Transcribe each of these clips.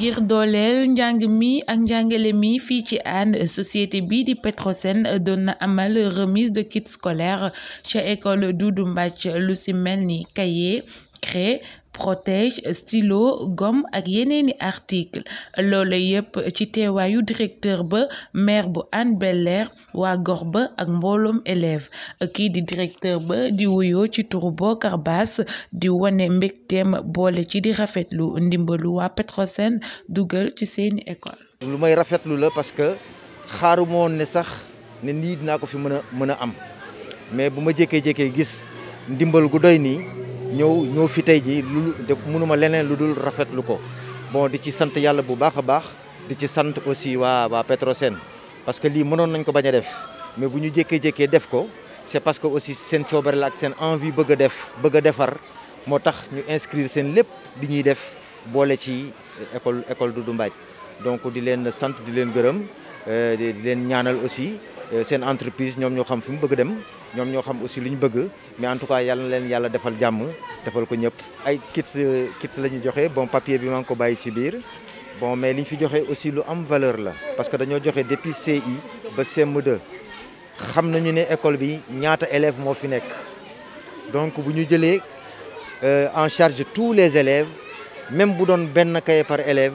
Girdolel dolel njang mi ak mi société bi di Petrosen doon amal remise de kits scolaires chez école Doudou Mbathie lu Cré protège stylo gomme ak yeneeni article Lolé yépp ci téwayu directeur ba maire bu Anne Beller wa waa ak mbolom élève Ki di directeur ba di wuyoo ci turu Bokar di wone mbektem bolé ci di rafetlu ndimbalu wa Petrosen dougal ci seeni école lu may rafetlu la parce que xaaruma woon ne sax ne nit na ko fi mën a am mais buma ma jékkee gis ndimbal gu doy ni ñëw ñëw fi tey jii lu mënuma leneen lu dul rafetlu bon di ci sant yàlla bu baax a baax di ci sant aussi wa wa Petrosen parce que lii mënoon nañ ko bañ a def mais bu ñu jékkee-jékkee def ko c'est parce que aussi seen coobare la ak envie bëgg a def bëgg a defar moo tax ñu inscrire seen lépp di ñuy def boole ci école école Doudou Mbadj donc di leen sant di leen gërëm euh, di leen ñaanal aussi une euh, entreprise nous ñoo xam aussi mais en tout cas il leen ko ñëpp. ay kits euh, kits bon papier bi mais liñ aussi lu valeur parce que nous avons, depuis CI ba CM2 xam nañu école bi ñaata élèves donc euh, en charge tous les élèves même bu doon ben cahier par élève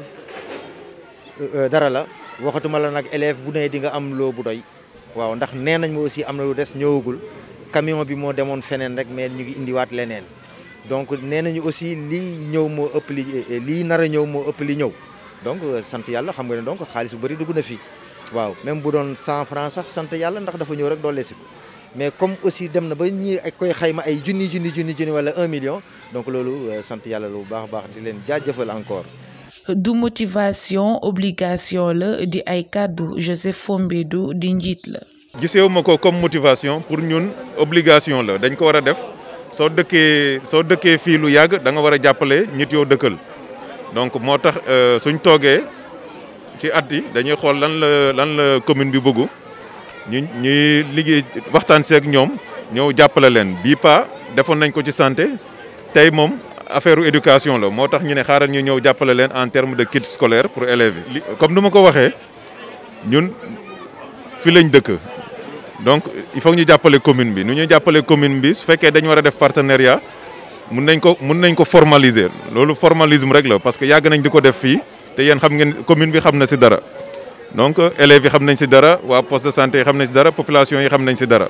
dara la waxatuma la nak élève bu waaw ndax nee nañ ma aussi am na lu des ñëwagul camion bi moo demoon feneen rek mais ñu ngi indiwaat leneen donc nee nañu aussi lii ñëw moo ëpp li lii nar a ñëw moo ëpp li ñëw donc euh, sant yàlla xam nga ne donc xaalis bu bëri dugg na fii waaw même bu doon 100 francs sax sant yàlla ndax dafa ñëw rek doole si ko mais comme aussi dem na ba ñi koy xayma ay junni junni junni junni wala 1 million donc loolu euh, sant yàlla lu baax baax di leen jaajëfal encore du motivation obligation la di ay cadeau Joseph Fombédou di njit la. gisewuma comme motivation pour ñun obligation la dañ ko wara def so deuke so deuke fi lu yag da nga wara a ñit yoo donc motax euh, suñ togué ci atti dañuy xol lan la lan la commune bi bëggu ñu ñi liggé waxtan sék ñom ñew jappalé len bi pa defon nañ ko ci santé tay mom affaire éducation là motax ñu né xaaral ñu ñëw jappalé leen en terme de kit scolaire pour élèves comme nu ko waxé ñun fi lañ dëkk donc il faut ñu jappalé commune bi ñu ñu jappalé commune bi su fekkee dañu wara def partenariat mun nañ ko mun nañ ko formaliser lolu formalisme rek la parce que yag nañ diko def fi té yeen xam ngeen commune bi xam na si dara donc élèves yi xam nañ ci dara wa poste de santé yi xam nañ si dara population yi xam nañ ci dara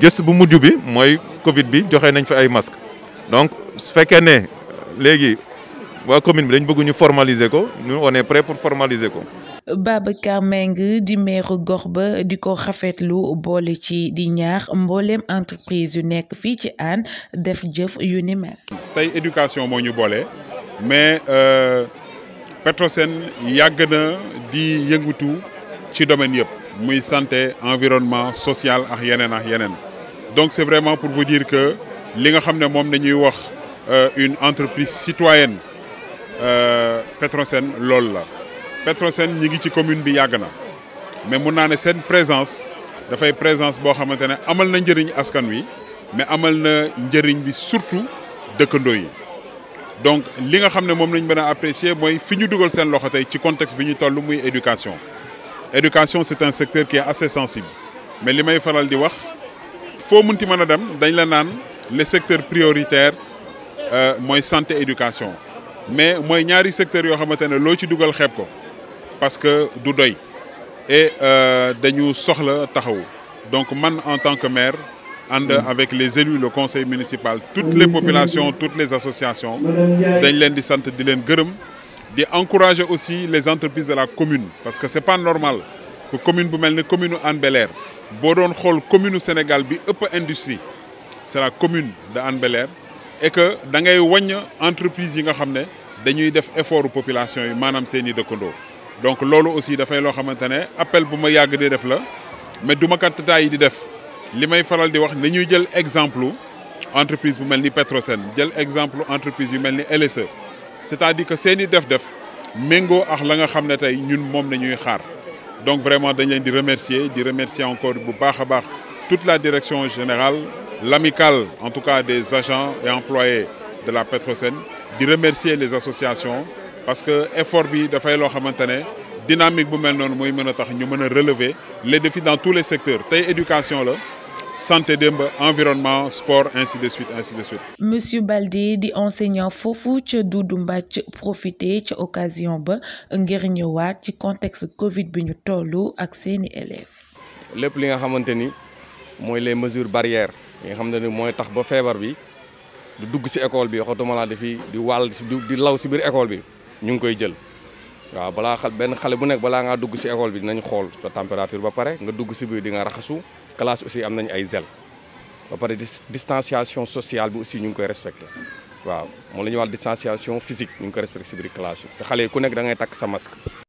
gëstu bu mujj bi moy Covid bi joxé nañ fi ay masque donc su fekkee ne léegi waa commune bi dañ bëgg ñu formaliser ko nous on est prêt pour formaliser ko. Babacar Mbengue du maire gox ba di ko rafetlu boole ci di ñaax mbooleem entreprise yu nekk fii ci Hann def jëf Unimel. ni mel. tey éducation moo ñu boole mais euh, Petrosen yàgg na di yëngatu ci domaine yëpp muy santé environnement social ak yeneen ak yeneen donc c'est vraiment pour vous dire que li nga xam ne moom nañuy wax euh, une entreprise citoyenne euh, Petrosen loolu la Petrosen ñi ngi ci commune bi yàgg na mais mun na ne seen présence dafay présence boo xamante amal na njëriñ askan wi mais amal na njëriñ bi surtout dëkkandoo yi donc li nga xam ne moom lañ mën a apprécier mooy fi ñu dugal loxo tey ci contexte bi ñu toll muy éducation éducation c'est un secteur qui est assez sensible mais li may faral di wax foo munti mën a dem dañ la naan les secteurs prioritaires la euh, santé éducation mais moy ñaari secteur yo xamantene ne ci parce que du doy et euh, dañu soxla taxaw donc man en tant que maire mm. avec les élus le conseil municipal toutes mm. les populations toutes les associations dañ di di encourager aussi les entreprises de la commune parce que c'est pas normal que commune bu mel commune en Bel-Air doon commune Sénégal bi industrie c'est la commune de Anbeler et que da ngay wàññ entreprise yi nga xam ne dañuy def effort population yi maanaam seen i dëkkandoo donc lolo aussi dafay loo xamante ne appel pour ma yàgg di def la mais du ma kattataay yi di def li may faral di wax na ñuy jël exemple entreprise bu mel ni Petrosen jël exemple entreprise yu ni LSE c'est-à-dire que seen def-def mengo ak la nga xamné tay ñun mom la xaar donc vraiment dañ leen di remercier di remercier encore bu baax baax toute la direction générale l'amicale en tout cas des agents et employés de la Petrocène, de remercier les associations parce que l'effort bi dafay dynamique bu relever les défis dans tous les secteurs éducation la santé démb environnement sport ainsi de suite ainsi de suite. monsieur Baldi, dit enseignant Fofu, ca Doudou de profité de occasion ba ngir contexte Covid bi ñu toll ak élèves. li mooy les mesures barrières yi nga xam ne ni mooy tax ba feebar bi du dugg ci école bi waxatuma laa dafi di wàll di law si biir école bi ñu ngi koy jël waaw balaa xa benn xale bu nekk balaa ngaa dugg ci école bi dinañ xool sa température ba pare nga dugg si biir di nga raxasu classe aussi am nañu ay gel ba pare distanciation sociale bi aussi ñu ngi koy respecté waaw moom la ñuy wax distanciation physique ñu ngi koy respecté ci biir classe te xale yi ku nekk da ngay takk sa masque